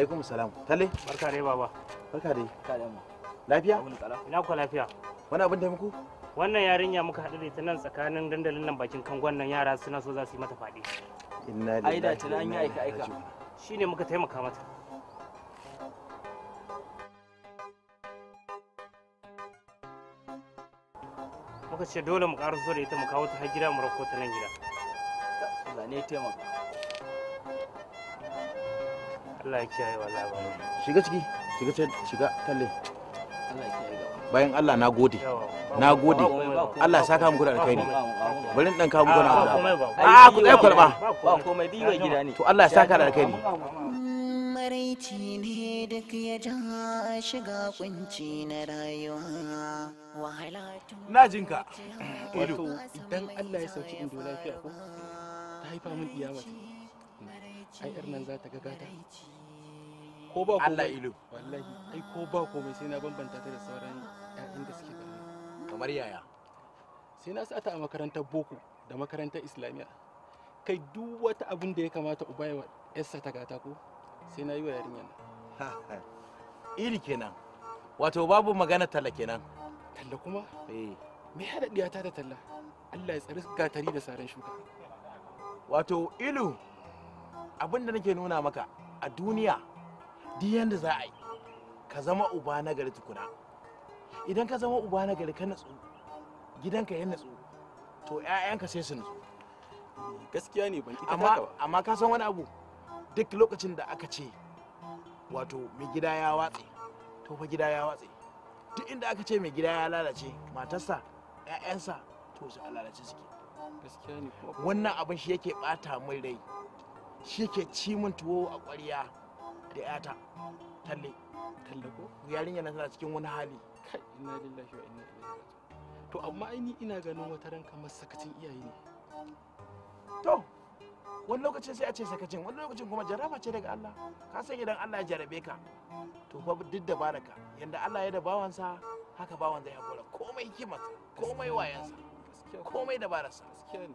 alaikum salam talle barka dai baba barka dai barka dai mu lafiya ina ku lafiya wani abin taimako wannan yarinya muka haɗu da ita nan tsakanin dandalin nan bakin kangon nan yara suna so za su yi mata faɗi inna lillahi aida tana an yi aika aika shine muka taimaka mata muka ce dole mu ƙara so da ita mu kawo ta har gida mu rakko ta nan gida zane taimaka Allah ya kiyaye wallahi ba shiga ciki shiga shiga talle Allah ya kiyaye bayan Allah na gode na gode Allah ya saka muku da alkhairi bari dan kawo mu na abu a ku dai kwalba ba komai diwa ah, gida ne to Allah ya saka da alkhairi maraici ne duk ya ja shiga kunci na rayuwa wahala na jinka ido idan Allah ya sauki indo lafiya ko ta haifa min iyamata ai yar nan za ta ga gata ko ba Allah ilo wallahi ai ko ba komai sai na bambanta ta da sauran ƴaƴan da suke gari kamar yaya sai na sata a makarantar boko da makarantar islamiyya kai duk wata abin da ya kamata uba ya yarsa ta gata ko sai na yi wa yarinyar nan iri kenan wato babu magana talla kenan talla kuma eh me ya daɗiya ta da talla Allah ya tsare gatari da saran shuka wato ilu abin da nake nuna maka a duniya duk da za a yi ka zama uba na gari tukuna idan ka zama uba na gari ka natsu gidanka ya natsu to 'ya'yanka sai su natsu gaskiya ne ban kita ba amma ka san wani abu duk lokacin da aka ce wato mai gida ya watse to fa gida ya watse duk inda aka ce mai gida ya lalace matarsa 'ya'yansa to su a lalace suke wannan abin shi yake bata mai rai shi ke ci min tuwo a kwariya da yata talle talle ko yarinya na tana cikin wani hali kai inna lillahi wa ina ilaihi to amma aini ina ganin wata ran kamar sakacin iyaye ne to wani lokacin sai a ce sakacin wani lokacin kuma jaraba ce daga Allah ka san idan Allah ya jarabe ka to fa duk da baraka yanda Allah ya da bawansa haka bawan zai hakura komai hikimarsa komai wayansa komai dabararsa gaskiya ne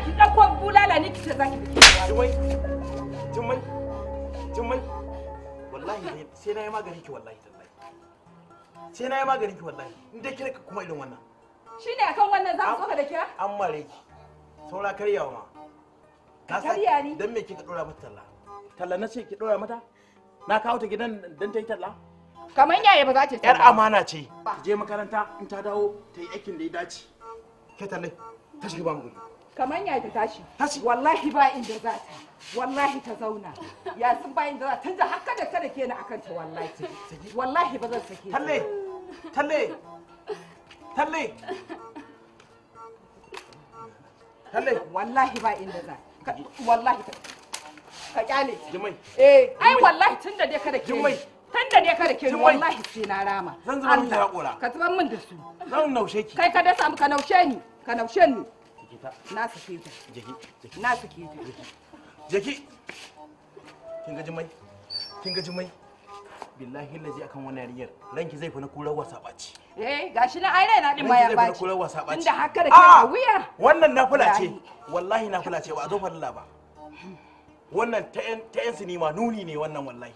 bulala ne kike zaki jimai jimai jimai wallahi sai na yi maganin ki wallahi tallahi sai na yi maganin ki wallahi in dai kira ka kuma irin wannan shine akan wannan za ku tsoka da kira an mare ki saura karyawa ma ka karya ni dan me kika dora mata talla talla na ce ki dora mata na kawo ta gidan dan ta yi talla kamar yaya ba za ta yar amana ce je makaranta in ta dawo ta yi aikin da ya dace ke talle ta shiga ba mu kamar ya ta tashi tashi wallahi ba inda za ta wallahi ta zauna ya sun ba inda za ta tunda haka da ta ke na akan ta wallahi wallahi ba zan sake talle talle talle talle wallahi ba inda za ka wallahi ta ka kyale jimai eh ai wallahi tunda dai kada ke jimai tunda dai kada ke wallahi sai na rama zan zama mun da hakura ka zuba mun da su zan naushe ki kai ka da samu ka naushe ni ka naushe ni ta na sake ta jeki na sake ta jeki jeki kin ga jimai kin ga jimai billahi lazi akan wannan yariyar ranki zai fi na kurar wasa ɓaci eh gashi na ai raina din ma ya ɓaci kurar wasa ɓaci tunda haka da kai wuya ah, wannan nafila ce wallahi nafila ce ba a zo farilla ba wannan ta yan sinima nuni ne wannan wallahi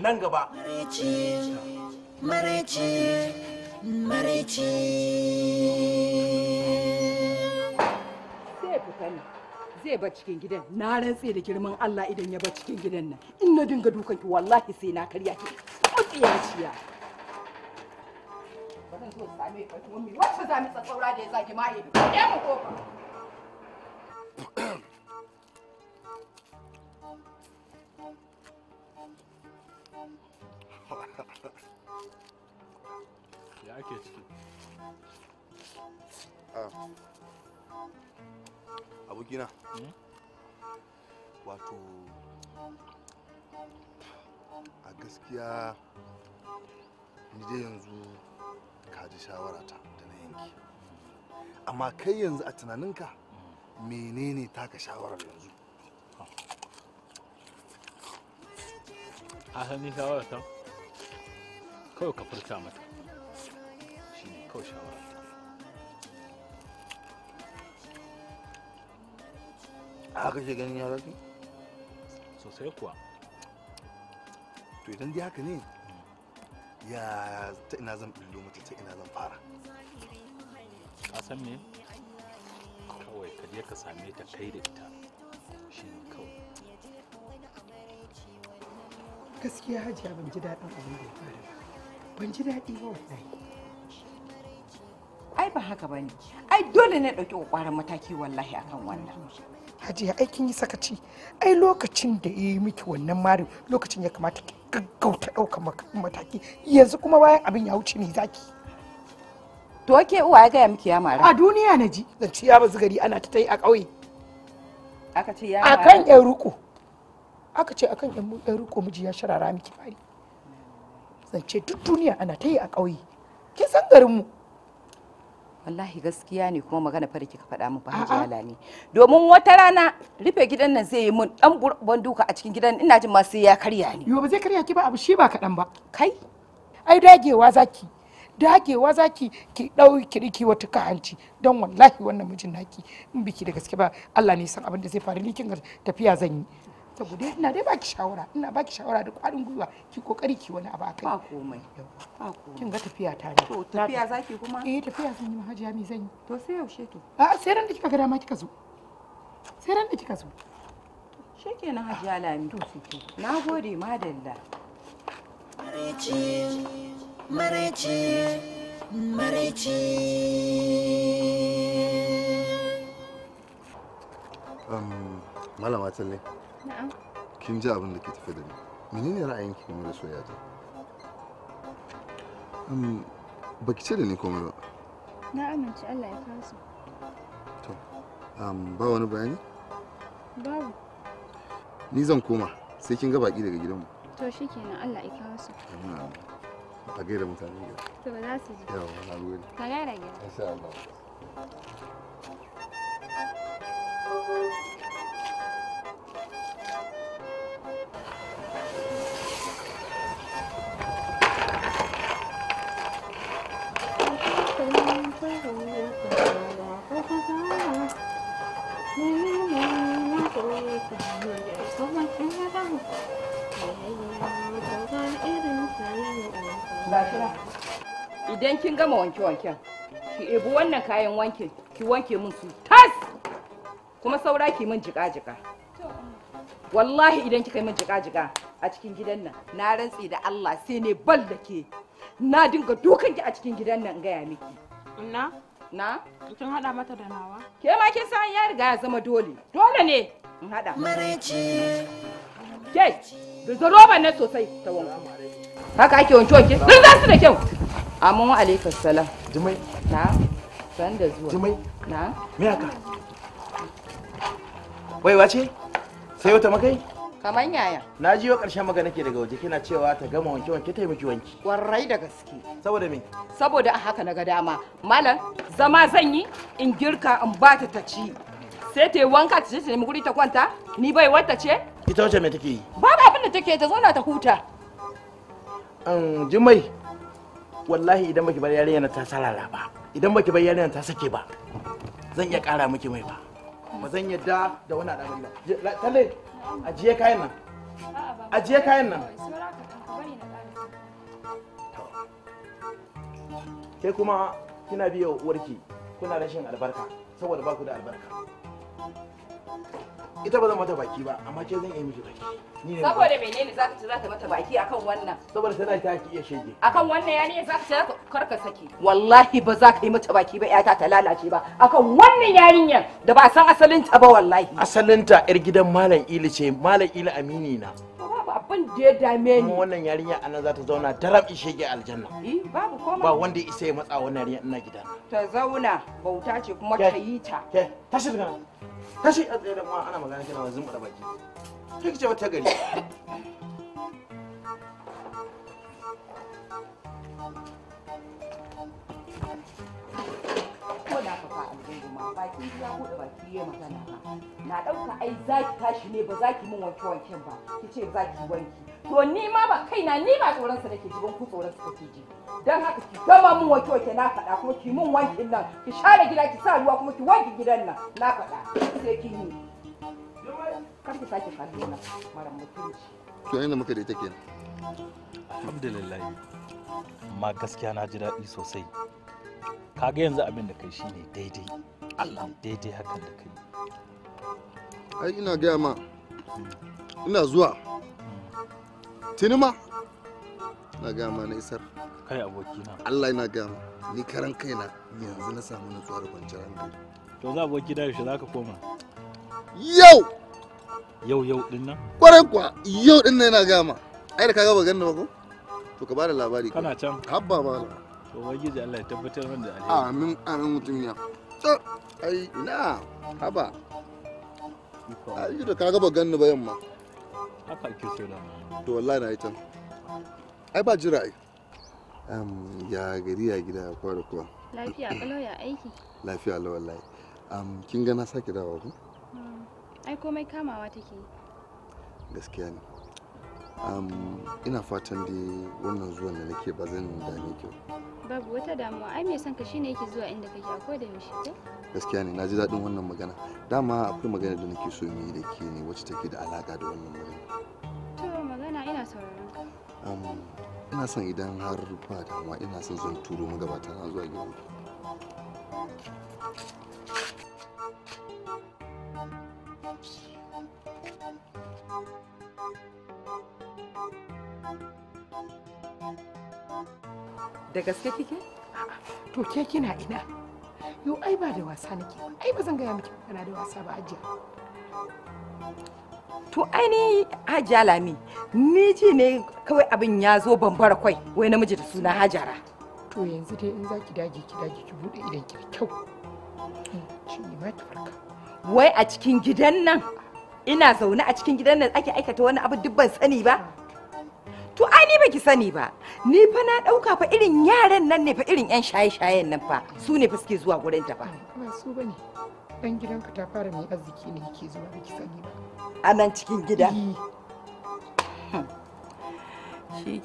nan gaba mareci mareci mareci nan zai ba cikin gidan na rantse da girman Allah idan ya ba cikin gidan nan in na dinga dukan ki wallahi sai na karya ki mutsiyaciya ba zan ya ke ciki ah. abokina hmm? wato a gaskiya ni dai yanzu kaji ji shawara da na yanki amma kai yanzu a tunaninka menene taka shawarar yanzu ni shawarar ta kawai ka furta mata shi ne kawai shawarar haka ke ganin yaran ki sosai kuwa to idan dai haka ne ya ta ina zan billo mata ta ina zan fara ka san me kawai ka je ka same ta kai da ita shi ne kawai gaskiya hajiya ban ji daɗin abin da ya faru ban ji daɗi ba wallahi ai ba haka ba ne, ai dole ne ɗauki ƙwaƙwaran mataki wallahi akan wannan hajiya aikin yi sakaci ai lokacin da ya yi miki wannan mari lokacin ya kamata ki gaggauta ɗaukar mataki yanzu kuma bayan abin ya wuce ne zaki to ke uwa ya gaya miki ya mara a duniya na ji zan ci ya bazu gari ana ta tai a ƙauye aka ce ya mara akan yan ruko aka ce akan yan ruko miji ya sharara miki fari zan ce duk duniya ana ta yi a ƙauye kin san garin mu wallahi gaskiya ne kuma magana fara kika faɗa min fahimci ne domin wata rana rufe gidan nan zai yi mun dan burban duka a cikin gidan ina jin ma sai ya karya ne. yo ba zai karya ki ba abu shi ba kaɗan ba kai ai dagewa zaki dagewa zaki ki dau ki riki wata kahanci don wallahi wannan mijin naki in biki da gaske ba Allah ne san abin da zai faru ni kin tafiya zan yi saboda ina dai baki shawara ina baki shawara da kwarin gwiwa ki kokari ki wani abu akai ba komai ba komai kin ga tafiya ta ne to tafiya zaki kuma eh tafiya zan yi mahajiya me zan yi to sai yaushe to a sai ran da kika ga dama kika zo sai ran da kika zo shikenan hajiya lami to sai na gode madalla dalla. mareci mareci um malama Kin ji abin da ke tafe da ni. mene ne Menene ra'ayinki game da soyayya ta? Um, baki ce da ni komai ba. Na amince Allah ya kasu. To, um, ba wani bayani? Babu. Ni zan koma sai kin ga baki daga gidanmu. To shikenan Allah ya kawo su. Amin. A gaira mutane gida. To ba za su ji. Yawa, na gode. Ka gaira gida. Insha Allah. kin gama wanke-wanken ki ebi wannan kayan wanke ki wanke min su tas kuma saura ki min jika-jika wallahi idan kika yi min jika-jika a cikin gidan nan na rantse da Allah sai ne bal da ke na dinga dukan ki a cikin gidan nan gaya miki na na kin hada mata da nawa ke ma kin san ya riga ya zama dole dole ne in hada ke da roban nan sosai ta wanku haka ake wanke wanke dun za su da kyau Amon wa alaikar salam. Jimai. Na? San da zuwa. Jimai. Na? Me Wai wace? Sai wata makai? Kaman yaya. Na jiyo ƙarshen magana ke daga waje kina cewa ta gama wanke wanke ta yi miki wanki. Warrai da gaske. Saboda me? Saboda a haka na ga dama. Malam zama zan yi in girka in ba ta ta ci. Sai ta yi wanka ta ce ta nemi guri ta kwanta ni bai wata ce. Ita wace me take yi? Babu abin da take ta zauna ta huta. Jimai. wallahi idan baki bar yarinyar ta salala ba idan baki bar yarinyar ta sake ba zan iya kara miki mai ba ba zan yadda da wani al'amari ba talle ajiye kayan nan ajiye kayan nan ke kuma kina biya warki kuna rashin albarka saboda baku da albarka ita ba zan mata baki ba amma ke zan yi miki baki saboda menene zaka ce zaka mata baki akan wannan saboda tana ta ki iya shege akan wannan ya ne zaka ce karka saki wallahi ba za ka yi mata baki ba yata ta lalace ba akan wannan yarinyar da ba san asalinta ba wallahi asalinta yar gidan malam ili ce malam ili amini na babu abin da ya dame ni wannan yarinya anan zata zauna zauna daram shege aljanna babu koma ba wanda isa ya matsa wannan yarinya ina gida. ta zauna bauta ce kuma ta yi ta ta daga tashi a tsaye da ma ana magana kina wanzu mu da baki sai kice wata gari ma baki ya buɗe baki ya magana ba na ɗauka ai ki tashi ne ba za ki min wanke wanken ba ki ce za zaki wanki to ni ma ba kaina ni ba tsoron sa nake ji ban ku tsoron sa kake ji dan haka ki gama min wanke wanke na faɗa kuma ki min wankin nan ki share gida ki sa ruwa kuma ki wanke gidan nan na faɗa sai ki yi kar ki sake kallo na mara mutunci to inda muka da ita kenan alhamdulillah amma gaskiya na ji daɗi sosai kaga yanzu abin da kai shine daidai Allah daidai hakan da kai ai ina gaya ma ina zuwa tuni ma gaya ma na isar kai Allah ina gaya ma ni karan kaina yanzu na samu nutsuwa da kwanciyar hankali to za aboki da zaka koma yau yau yau din nan kwarai kuwa yau din nan yana gaya ma ai da kaga ba ganna ba ko to ka bada labari kana can habba ba to Allah ya tabbatar min da alheri amin amin mutum ya ai ina haba a yi da kaga ba ganni ba yamma haka ake so da to wallahi na yi can ai ba jira ai ya gari ya gida ya kwara kuwa lafiya kalau ya aiki lafiya lau wallahi kin ga na sake dawa ku ai komai kamawa take gaskiya ne ina fatan da wannan zuwan da nake ba zan dame kyau. babu wata damuwa ai me son ka shine yake zuwa inda kake akwai da yaushe kai gaskiya ne naji daɗin wannan magana dama akwai magana da nake so mu yi da ke ne wacce take da alaka da wannan magana to magana ina sauraron ka ina son idan har ba damuwa ina son zan turo magabata na zuwa gidanki Da gaske kike? To ke kina ina? Yo ai ba da wasa nake ba. Ai ba zan gaya miki kana da wasa ba hajiya. To ai ni hajiya lami ni ji ne kawai abin ya zo bambara kai, wai namiji da suna hajara. To yanzu dai in zaki dage ki dage ki bude idan ki kyau. Hmm, shi ne ma ki Wai a cikin gidan nan ina zaune a cikin gidan nan ake aikata wani abu dubban sani ba. to ai ni baki sani ba ni fa na dauka fa irin yaran nan ne fa irin yan shaye-shayen nan fa su ne fa suke zuwa gurin ta fa ba su bane dan gidanka ta fara mai arziki ne yake zuwa baki sani ba a nan cikin gida eh. hmm.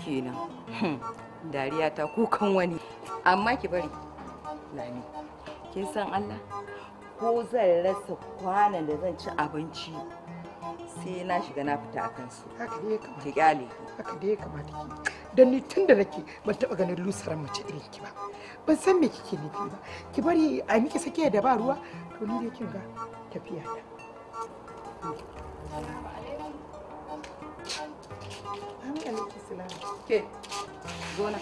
kenan hmm. dariya ta kukan wani amma ki bari lami kin san Allah ko zan rasa kwanan da zan ci abinci sai na shiga na fita a kansu haka ya kamata ki kyale haka ya kamata ki dan ni tun da nake ban taɓa ganin lusaran mace irin ki ba ban san me kike nufi ba ki bari a miki sake da ba ruwa to ni dai kin ga tafiya ta ke zo na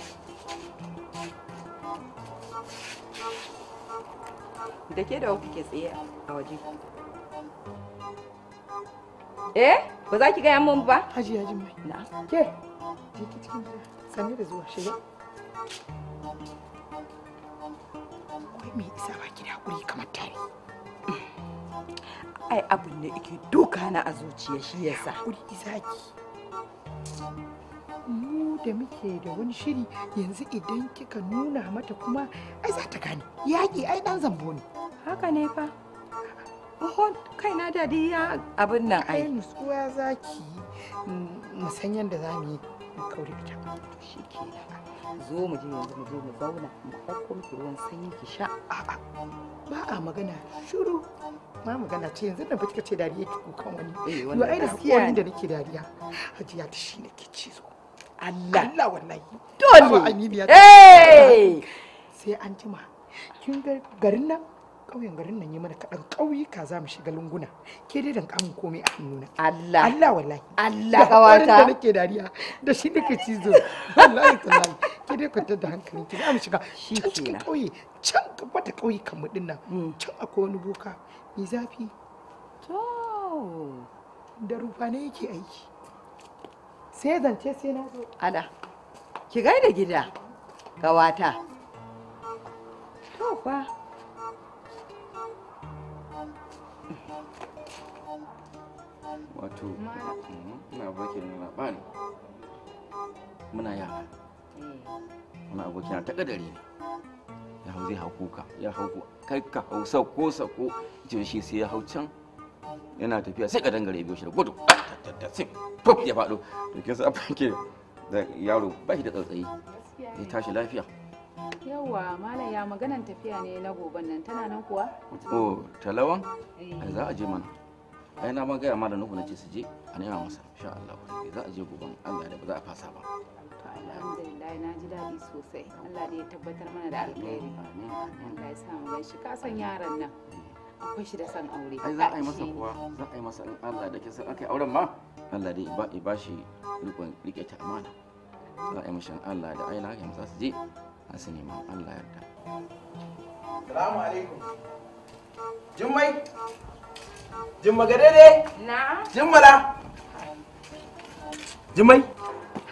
da ke da kuke tsaye a waje Eh? Ba za ki gaya min ba? Haji Haji mai. Na. Ke. Je ki cikin gida. Sani da zuwa shiga. me isa ba kamar tare? Mm. Ai ne yake doka na a zuciya shi yasa. Hakuri izaki. mu da muke da wani shiri yanzu idan kika nuna mata kuma ai za ta gane yaƙi ai ɗan zambo ne haka ne fa ohon kaina dadi ya abin nan ai za ki mu san za mu yi kauri zo mu je yanzu mu je mu zauna mu ruwan sanyi ki sha ba a magana shiru ma magana ce yanzu da kika ce dariya ki wani yo eh, ai da nake dariya hajiya ta Allah Allah wallahi dole eh sai an jima kin garin nan ƙauyen garin nan yi mana kaɗan ƙauyuka za mu shiga lunguna ke dai dan kamun komai a hannuna Allah Allah wallahi Allah kawata da nake dariya da shi nake cizo wallahi tallahi ke dai kwantar da hankali ki za mu shiga can cikin ƙauye can gaba da ƙauyukan mu dinnan mm. can akwai wani boka mai zafi to da rufa ne yake aiki sai zance sai na zo ala ki gaida gida wata to fa wato muna abokin ne ba ne muna yara muna abokin ta kadari ne ya hau zai hau kuka ya hau kai ka hau sako sako ita shi sai ya hau can yana tafiya sai ka dangare biyo shi da gudu sai pop ya faɗo to kin sa abin ke da yaro ba shi da tsatsayi ya tashi lafiya yawa malam ya maganan tafiya ne na goban nan tana nan kuwa oh talawan eh. za a je mana ai na ma gaya ma da nuhu na ce su je a nema masa insha Allah za a je gobe Allah da ba za a fasa ba alhamdulillah na ji daɗi sosai Allah ne ya tabbatar mana da alkhairi Allah ya sa mu gaishe ka san yaran nan akwai shi da san aure ai za a yi masa kuwa za a yi masa in Allah da kin san aka auren ma Allah dai ba ba shi rikon rike ta amana za a yi mishi Allah da aina ya masa su je a su ma Allah yarda Assalamu alaikum Jummai Jimma ga dai? Na. Jimmala. Jimmai.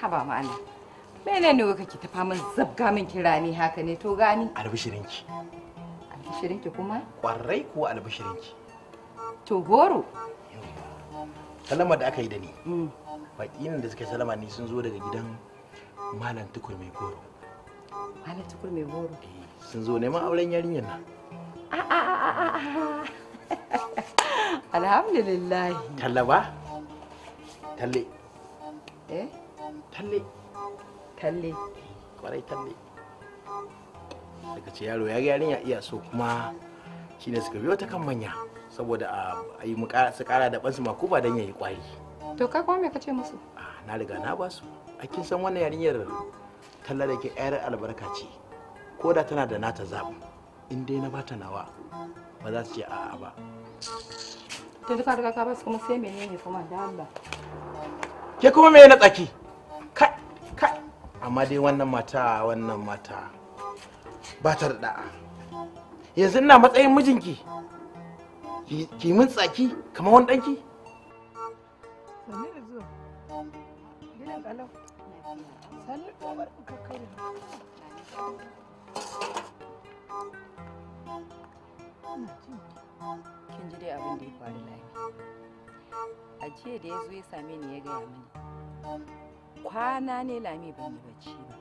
Haba ma'ana. Mene ne kake ta fama zabga min kirani haka ne to gani? Albishirinki. Albishirinki kuma? Kwarai ko albishirinki. To goro. Salama da aka yi da ni. Mm. Baƙinin da suka salama ni sun zo daga gidan Malam Tukur mai goro. Malam Tukur mai goro? Eh, sun zo neman auren yarinyar nan. A'a a'a a'a. alhamdulillah talla ba talle eh talle talle kwarai talle daga ce yaro ya ga yarinya iya so kuma shine suka biyo ta kan manya saboda a yi su kara da bansu makuba don yi kwari to ka kuma me kace musu na riga na ba su a kin san wannan yarinyar talla da ke yar albarka ce ko da tana da nata zaɓi in dai na bata nawa ba za su ce a'a ba yanzu ka riga ka basu kuma sai menene kuma da Allah ke kuma me na tsaki kai kai amma dai wannan mata wannan mata ba ta da yanzu ina matsayin mijinki ki mun tsaki kamar wani danki kin ji dai abin da ya faru lami a jiya da ya zo ya same ni ya gaya mini kwana ne lami ban yi bacci ba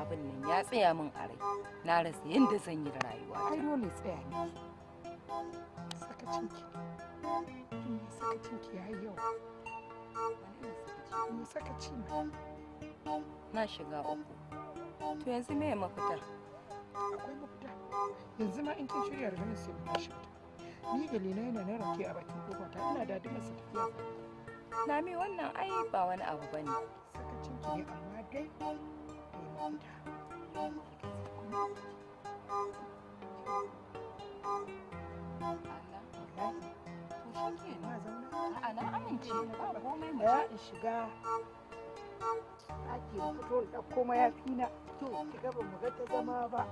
abin nan ya tsaya min a rai na rasa yadda zan yi da rayuwa ai dole tsaya ne ya na shiga uku to yanzu me mafita akwai mafita yanzu ma in kin shirya da ganin sai mu tashi ni galina yana na rake a bakin kofa ta ina da dukkan sa tafiya na mi wannan ai ba wani abu bane cin ki ne amma dai domin ta A'a na amince ba komai mu in shiga Ake fito da ɗauko mayafi na to ki ga ba mu ga ta zama ba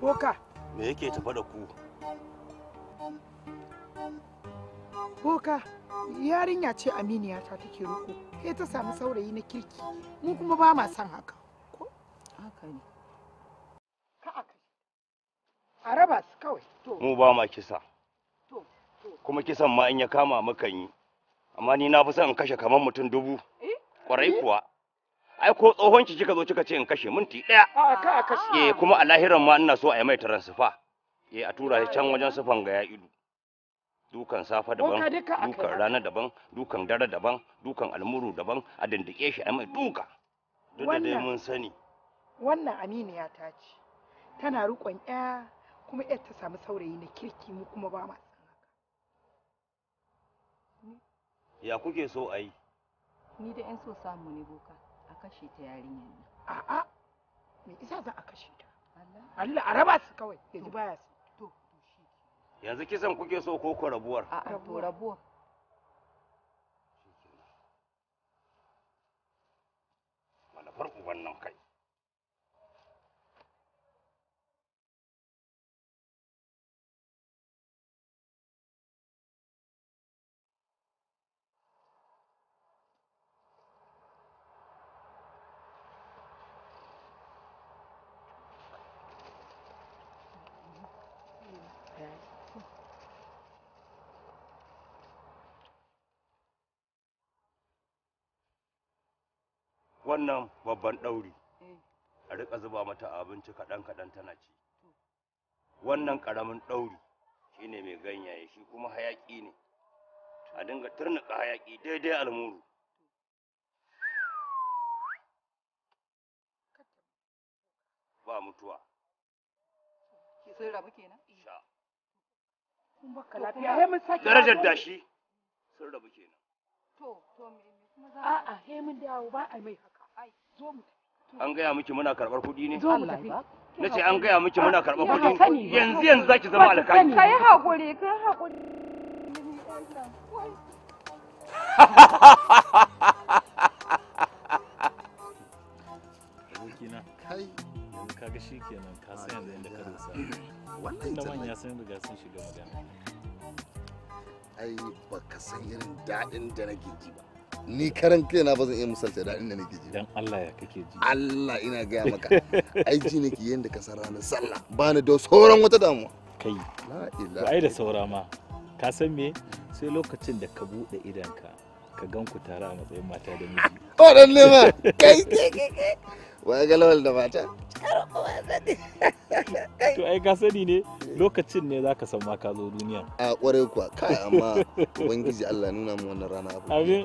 Boka! Me yake tafa da ku? Boka, yarinya ce aminiya ta take ruku Ke ta samu saurayi na kirki, mu kuma ba ma son haka. Ko? Haka ne. Ka a kai. raba su kawai. Mu ba ma kisa. kuma kisan ma in ya kama mukan yi amma ni na fi son in kashe kamar mutum dubu eh? kwarai kuwa ai ko tsohon ki kika zo kika ce in kashe minti daya a ka a kashe eh kuma a lahiran ma ina so a yi mai taransifa eh a tura shi can wajen sufan ga ya ido dukan safa daban dukan rana daban dukan dare daban dukan almuru daban a dindike shi a mai duka duk da dai mun sani wannan aminiya ta ce tana rukon ya kuma yar ta samu saurayi na kirki mu kuma ba ma ya kuke so a yi ni da in so samu ne boka a kashe ta yarinyar nan a'a me isa za a kashe ta Allah a raba su kawai yanzu baya su to yanzu kisan kuke so ko ko rabuwar a rabuwar rabuwar manufar farko wannan kai wannan babban ɗauri eh. a rika zuba mata abinci kaɗan-kaɗan tana ci wannan ƙaramin ɗauri shine mai ganyaye shi kuma hayaƙi ne a dinga turnuka hayaƙi daidai almuru ba mutuwa sun rabu kenan eh. sha darajar dashi sun rabu kenan to to me kuma za a a he mun dawo ba a mai haka an gaya miki muna karɓar kuɗi ne na ce an gaya miki muna karɓar kuɗi yanzu yanzu zaki zama alƙali ka yi haƙuri ka yi haƙuri ka san yanzu sun riga sun baka san daɗin da nake ji ba ni karan kaina ba zan iya misalta da da nake ji dan Allah ya kake ji Allah ina gaya maka ai ji nake yanda ka san ranar sallah ba ni da sauran wata damuwa kai la ilaha ai da saura ma ka san me sai lokacin da ka bude idanka ka gan ku tare a matsayin mata da miji oh dan ma kai kai kai wa ga lawal da mata to ai ka sani ne lokacin ne zaka san ma ka zo duniya a kware ku kai amma ubangiji Allah nuna mu wannan rana abin amin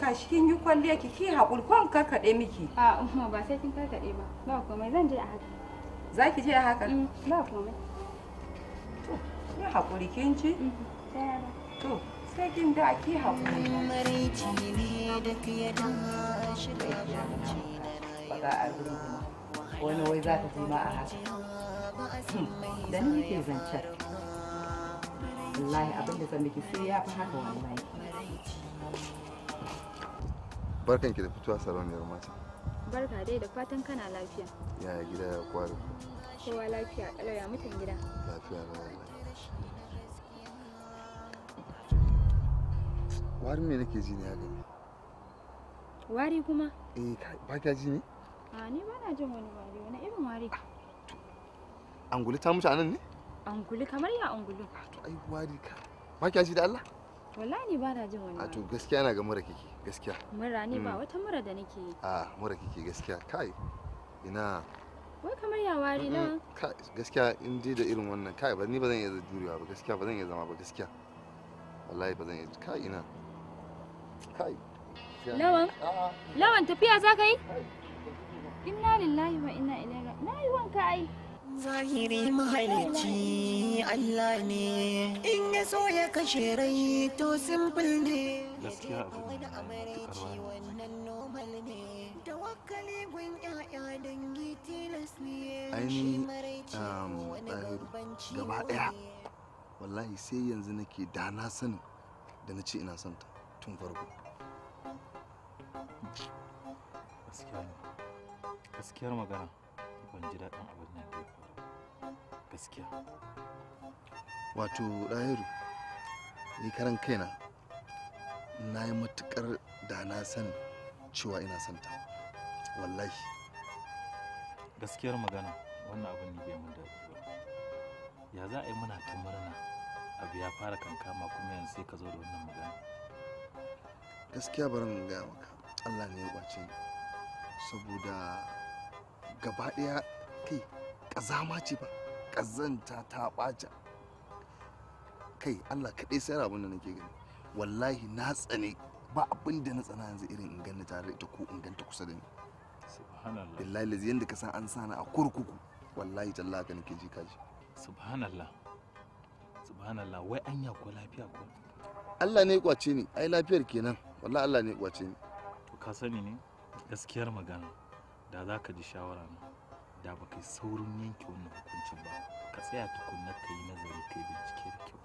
ka shi yi kwalliya ki ki haƙuri kwan karkaɗe miki. A umma ba sai kin karkaɗe ba. Ba komai zan je a haka. Za ki je a haka? Mm, ba komai. To, ki haƙuri kin ci? Mm, to, sai kin da ki haƙuri. Maraici ne da fiye da shirya Ba za a runguma. Wani wai za ka ma a haka. Hmm, da ni yake zancen. Wallahi abin da zan miki sai ya fi haka wallahi. barkan ki da fitowa sarauniyar mata barka dai da fatan kana lafiya yaya gida ya kwari kowa lafiya kalau ya mutan gida lafiya na wari me nake ji ne haka gani wari kuma eh ba ka ji ne a ni ba na jin wani wari wani irin wari ah, anguli ta mutu anan ne anguli kamar ya angulu ah, to ai wari ka ba ka ji da Allah wallahi ba na jin wani a to gaskiya na ga mura kike gaskiya mura ne ba hmm. wata mura da nake yi a mura kike gaskiya kai ina wai kamar ya wari na kai gaskiya in ji da irin wannan kai ba ni ba zan iya jurewa ba gaskiya ba zan iya zama ba gaskiya wallahi ba zan iya kai ina kai lawan lawan tafiya za ka yi inna lillahi wa inna ilaihi na yi wanka ai zahiri mahalicci Allah ne in ya so ya kashe rai to simple ne gaskiya abu ne wannan normal ne tawakkali gun ya'ya dangi tilas ne aini um, gaba daya wallahi sai yanzu nake da na sanin da na ce ina son ta tun farko gaskiya gaskiyar magana ban ji daɗin abin nan dai gaskiya wato ɗahiru ni karan kaina na yi matukar da na san cewa ina santa wallahi gaskiyar magana wannan abin ne bai mun daɗi ba ya za a yi muna ta murna abu ya fara kankama kuma yanzu sai ka zo da wannan magana gaskiya barin gaya maka allah ne ya ɓace ni saboda gaba ɗaya kai ƙazama ce ba ƙazanta ta ɓaca kai allah kaɗai sai abin da nake gani wallahi na tsane ba abin da na tsana yanzu irin in ganta tare ita ko in ganta kusa da ni subhanallah billahi lazi yanda ka san an sana a kurkuku wallahi tallahi ka nake ji kaji subhanallah subhanallah wai an ya ko lafiya ko Allah ne kwace ni ai lafiyar kenan wallahi Allah ne kwace ni to ka sani ne gaskiyar magana da za ka ji shawara na da ba kai saurin yanke wannan hukuncin ba ka tsaya tukunna ka yi nazari ka yi bincike da kyau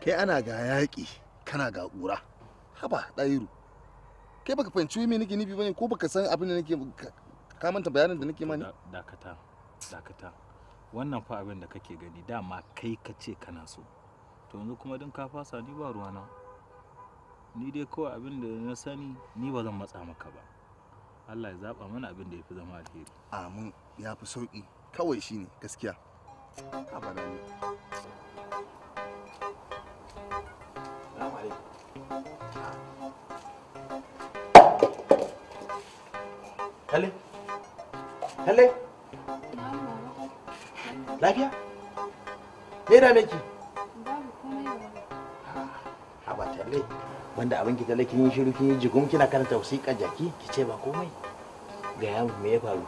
kai ana ga yaƙi kana ga ƙura haba ɗairu kai baka fahimci me nake nufi bane ko baka san abin da nake ka manta bayanin da nake mani dakata dakata wannan fa abin da kake gani dama kai ka ce kana so to yanzu kuma din ka fasa ni ba ruwana ni dai kawai abin da na sani ni ba zan matsa maka ba Allah ya zaba mana abin da ya fi zama alheri amin ya fi sauki kawai shine gaskiya abada ne Lalle? Lalle? Lafiya? Me da miki? Babu komai ba. Ha, ba talle. banda abin ki tale kin yi shiru kin yi jigum kina karanta wasiƙa jaki ki ce ba komai ga ya me ya faru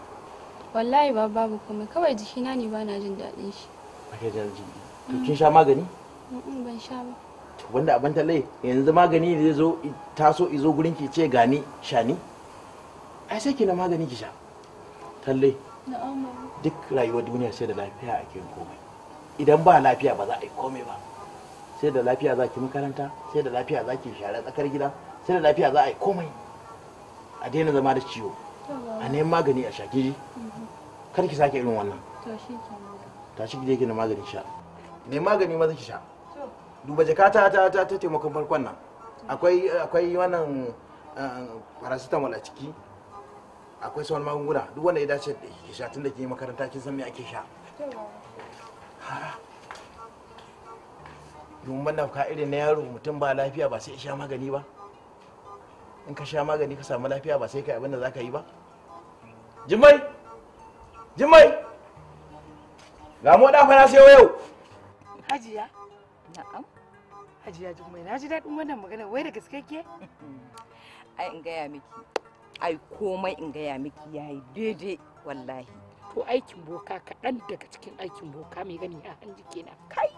wallahi ba babu komai kawai jikina ne ba na jin daɗin shi ake jin jin to mm. kin sha magani ban sha ba wanda abin tale yanzu magani da zo taso izo gurin ki ce gani shani ai sai ki na magani ki sha talle duk rayuwar duniya sai da lafiya ake komai idan ba lafiya ba za a yi komai ba sai da lafiya za ki makaranta sai da lafiya za ki share tsakar gida sai da lafiya za a yi komai a daina zama da ciwo a neman magani a shaki kar ki sake irin wannan tashi ki je ki na magani sha ne magani maza ki sha duba jakata ta ta ta taimakon farkon nan akwai akwai wannan eh, paracetamol a ciki akwai sauran magunguna duk wanda ya dace ki sha tun da ke makaranta kin san me ake sha domin manafka irin na yaro mutum ba lafiya ba sai ya sha magani ba in ka sha magani ka samu lafiya ba sai ka abin da za ka yi ba jimai jimai ga mu da fara sai yau hajiya na'am hajiya jimai na ji daɗin wannan magana wai da gaske ke ai in gaya miki ai komai in gaya miki yayi daidai wallahi to aikin boka kaɗan daga cikin aikin boka mai gani a hanji kenan kai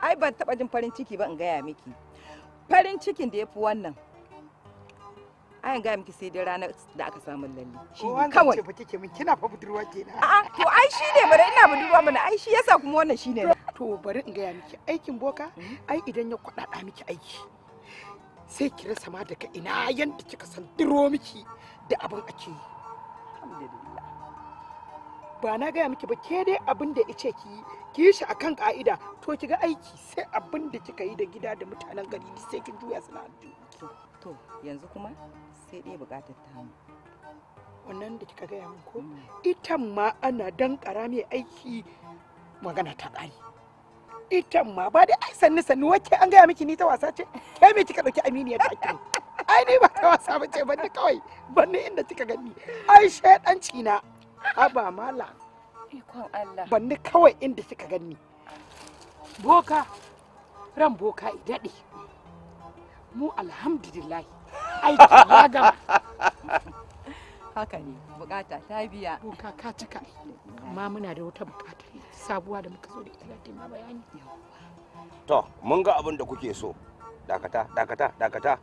ai ban taba jin farin ciki ba in gaya miki farin cikin da ya fi wannan ayan gaya miki sai dai ranar da aka samu lalle shi ne kawai ko kike min kina fa budurwa kenan a'a to ai shi ne bare ina budurwa mana ai shi yasa kuma wannan shi ne to bari in gaya miki aikin boka hmm? ai idan ya kwadada miki aiki sai ki rasa ma daga ina yanda kika san duro miki da abin ake yi alhamdulillah ba na gaya miki ba ke dai abin da ice ki Kishi shi akan ka'ida to ki ga aiki sai abin da kika yi da gida da mutanen gari sai kin juya suna addu'a to yanzu kuma sai dai buƙatar ta mu wannan da kika gaya min ko mm. ita ma ana dan mai aiki magana ta ƙare ita ma ba dai ai sanni sanni wacce an gaya miki ni ta wasa ce ke me kika dauki aminiya ta ke ai ni ba ta wasa ba ce ban kawai ban inda kika gani ai shaidanci na haba malam Ikon Allah. Banni kawai inda kika ganni. Boka, ran boka daɗe. Mu alhamdulillahi. Aiki ya gama. Haka ne, bukata ta biya. Boka ka cika. Amma muna da wata bukata sabuwa da muka zo da ita ma bayani. To, mun ga abin da kuke so. Dakata, dakata, dakata.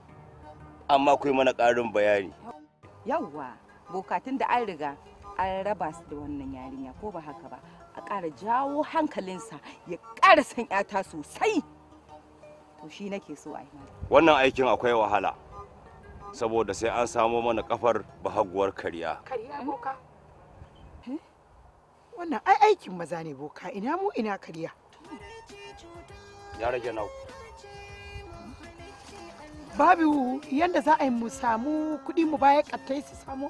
Amma ku yi mana ƙarin bayani. Yawwa, bukatun da an riga an raba su da wannan yarinya ko ba haka ba a ƙara jawo hankalinsa ya ƙara san yata sosai to shi nake so a yi wannan aikin akwai wahala saboda sai an samo mana kafar bahaguwar kariya kariya hmm? boka hmm? wannan ai aikin maza ne boka ina mu ina kariya ya rage nau babu yanda za a yi mu samu kudi mu baya kattai su samu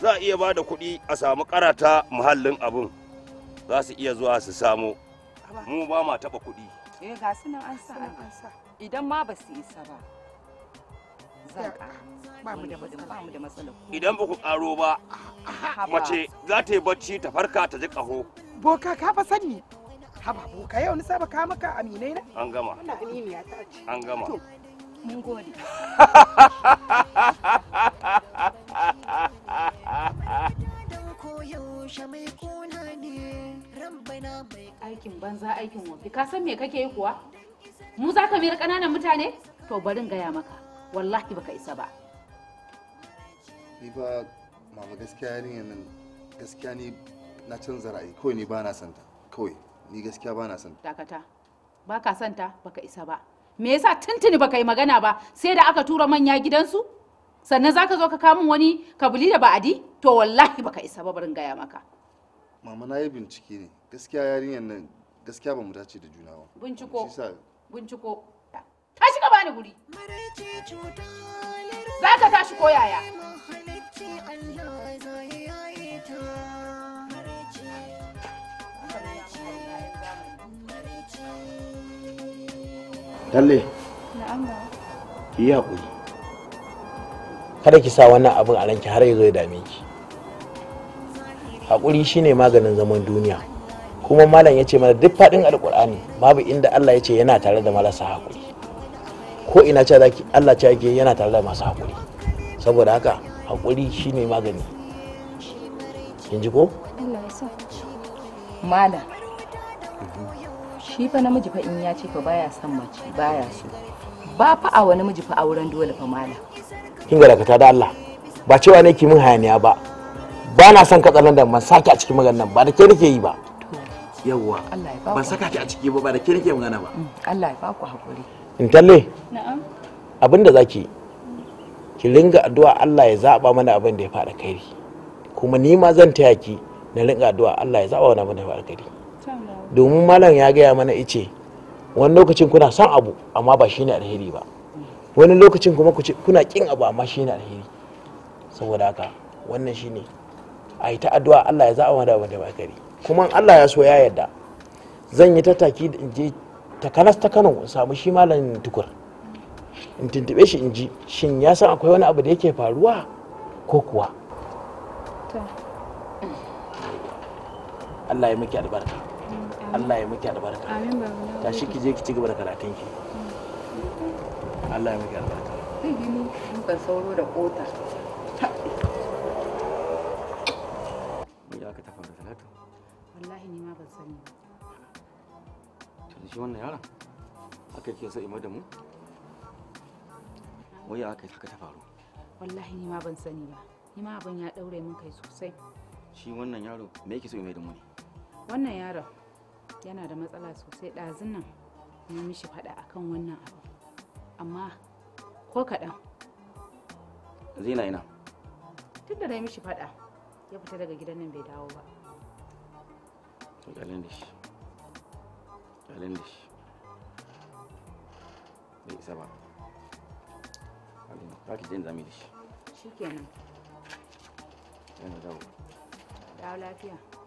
za a iya ba da kuɗi a samu karata muhallin abin za su iya zuwa su samu mu ba ma taɓa kuɗi eh ga su nan an sa idan ma ba su isa ba zan ba mu da ba mu da matsala idan ba ku karo ba mace za ta yi bacci ta farka ta ji ƙaho boka ka fa sani haba boka yau ni saba ka maka aminai na an gama an gama mun gode koyaushe mai kuna ne rambana mai aikin banza aikin wofi ka san me kake yi kuwa mu za ka miyar ƙananan mutane to barin gaya maka wallahi baka isa ba ni ba mama gaskiya ne nan gaskiya ni na canza ra'ayi kawai ni ba na ta kawai ni gaskiya ba na santa dakata ba ka santa baka isa ba me yasa tuntuni baka yi magana ba sai da aka tura manya gidansu sannan za ka zo ka kamun wani kabili da ba'adi to wallahi baka isa ba barin gaya maka mama na yi bincike ne gaskiya yarinyar nan gaskiya ba mu dace da juna ba binciko binciko ta ka bani guri za ka tashi ko yaya Dalle. Na'am ba. Ki yi haƙuri. kada ki sa wannan abin a ranki har yanzu ya dame ki haƙuri shine maganin zaman duniya kuma malam ya ce mana duk faɗin alƙur'ani babu inda Allah ya ce yana tare da marasa haƙuri ko ina ce zaki Allah ce yake yana tare da masu haƙuri saboda haka haƙuri shine magani kin ji ko malam shi fa namiji fa in ya ce fa baya son mace baya so ba fa a wani miji fa auren dole fa malam kin ga dakata da Allah ba cewa ne ki min hayaniya ba ba na son katsalan da man saki a cikin magana ba da ke nake yi ba yawwa ban saka ki a ciki ba ba da ke nake magana ba mm, Allah ya ba ku hakuri in talle na'am abinda zaki ki ringa addu'a Allah ya zaba mana abin da ya fada kairi kuma ni ma zan taya ki na ringa addu'a Allah ya zaba mana abin da ya fada kairi domin malam ya gaya mana ice wani lokacin kuna son abu amma ba shine alheri ba wani lokacin kuma ku ce kuna kin abu amma shi ne alheri saboda haka wannan shi ne a yi ta addu'a Allah ya za'a wada wada ba gari kuma Allah ya so ya yarda zan yi tattaki da in je takanas ta Kano in samu shi malamin tukur in tuntube shi in ji shin ya san akwai wani abu da yake faruwa ko kuwa Allah ya miki albarka Allah ya miki albarka tashi ki je ki ci gaba da karatun ki mm. Allah ya muke albarka yi mu dukan sauro da kota ya ka da wallahi ni ma ban sani wannan yaron aka yi shi wannan yaro me yake so wannan yaron yana da matsala sosai ɗazun nan mun mishi faɗa akan wannan abu amma ko kaɗan yanzu ina ina tun da na yi mishi faɗa ya fita daga gidan nan bai dawo ba ƙalin dish. shi ƙalin bai isa ba ƙalin ba ki jin zami shi kenan yana dawo dawo lafiya